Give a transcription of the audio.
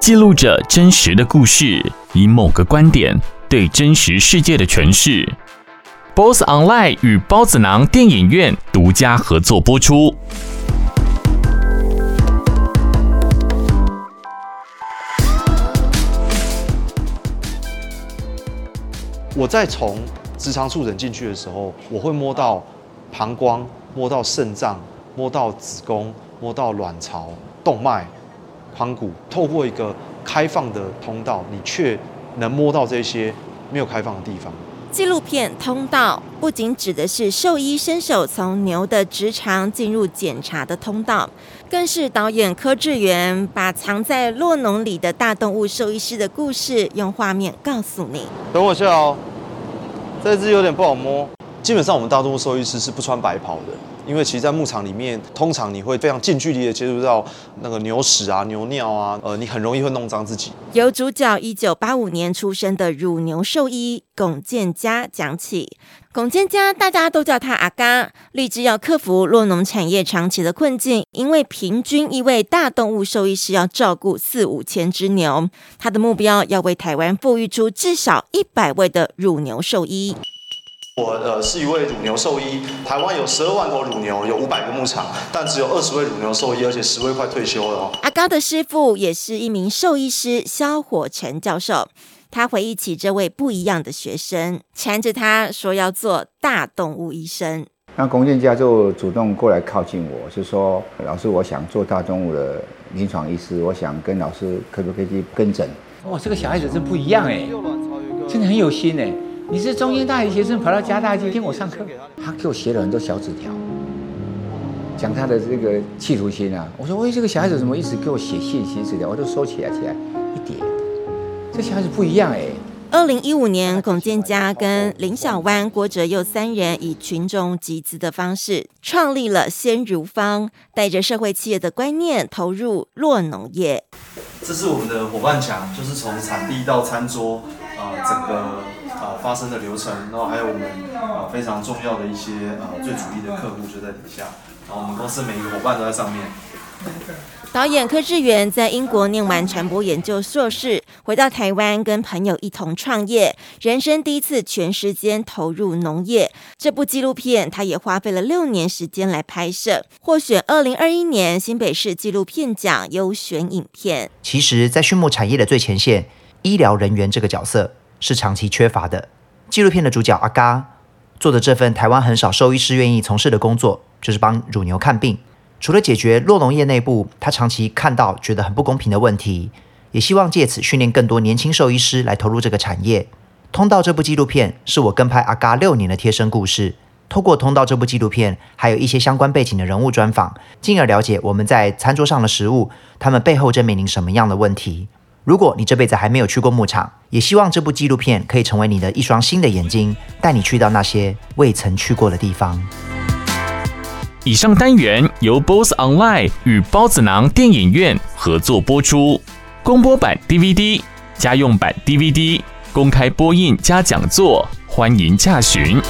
記錄着真實的故事，以某個觀點對真實世界的詮釋。BOSS Online 與孢子囊電影院獨家合作播出。我在從直腸觸診進去的時候，我會摸到膀胱，摸到腎臟，摸到子宮，摸到卵巢動脈。膀透過一個開放的通道，你卻能摸到這些沒有開放的地方。紀錄片通道不僅指的是獸醫伸手從牛的直腸進入檢查的通道，更是導演柯智元把藏在酪農裡的大動物獸醫師的故事用畫面告訴你。等我下哦，這隻有點不好摸。基本上，我們大動物獸醫師是不穿白袍的，因為其實，在牧場裡面，通常你會非常近距離的接觸到那個牛屎啊、牛尿啊，呃，你很容易會弄髒自己。由主角一九八五年出生的乳牛獸醫龔建嘉講起。龔建嘉大家都叫他阿嘉，立志要克服酪農產業長期的困境，因為平均一位大動物獸醫師要照顧四五千只牛，他的目標要為台灣培育出至少一百位的乳牛獸醫。我呃，是一位乳牛獸醫，台灣有十二萬頭乳牛，有五百個牧場，但只有二十位乳牛獸醫，而且十位快退休了、哦。阿高的師父也是一名獸醫師，蕭火成教授。他回憶起這位不一樣的學生，纏着他說要做大動物醫生。那龔建嘉就主動過來靠近我，是說老師，我想做大動物的臨床醫師，我想跟老師可不可以去跟診？哇，這個小孩子真不一樣哎，嗯、真的很有心哎。你是中英大學學生，跑到嘉大去聽我上課。給他他給我寫了很多小紙條，講他的這個企圖心啊。我說：喂，這個小孩子怎麼一直給我寫信寫紙條？我都收起來起來一點，這小孩子不一樣哎、欸。二零一五年，龔建嘉跟林小灣、郭哲佑三人以群眾集資的方式，創立了鮮乳坊，帶着社會企業的觀念，投入酪農業。這是我們的夥伴牆，就是從產地到餐桌啊、呃，整個。啊，發生的流程，然後還有我們啊非常重要的一些啊最主力的客戶，就在底下，然後我們公司每一個夥伴都在上面。導演柯智元在英國念完傳播研究碩士，回到台灣跟朋友一同創業，人生第一次全時間投入農業。這部紀錄片他也花費了六年時間來拍攝，獲選二零二一年新北市紀錄片獎優選影片。其實，在畜牧產業的最前線，醫療人員這個角色，是長期缺乏的。紀錄片的主角阿嘎做的這份台灣很少獸醫師願意從事的工作，就是幫乳牛看病。除了解決酪農業內部他長期看到覺得很不公平的問題，也希望借此訓練更多年輕獸醫師來投入這個產業。通道這部紀錄片是我跟拍阿嘎六年的貼身故事。透過通道這部紀錄片，還有一些相關背景的人物專訪，進而了解我們在餐桌上的食物，他們背後正面臨什麼樣的問題。如果你這輩子還沒有去過牧場，也希望這部紀錄片可以成為你的一雙新的眼睛，帶你去到那些未曾去過的地方。以上單元由 BOSS ONLINE 與孢子囊電影院合作播出，公播版 DVD、家用版 DVD、公開播映加講座，歡迎洽詢。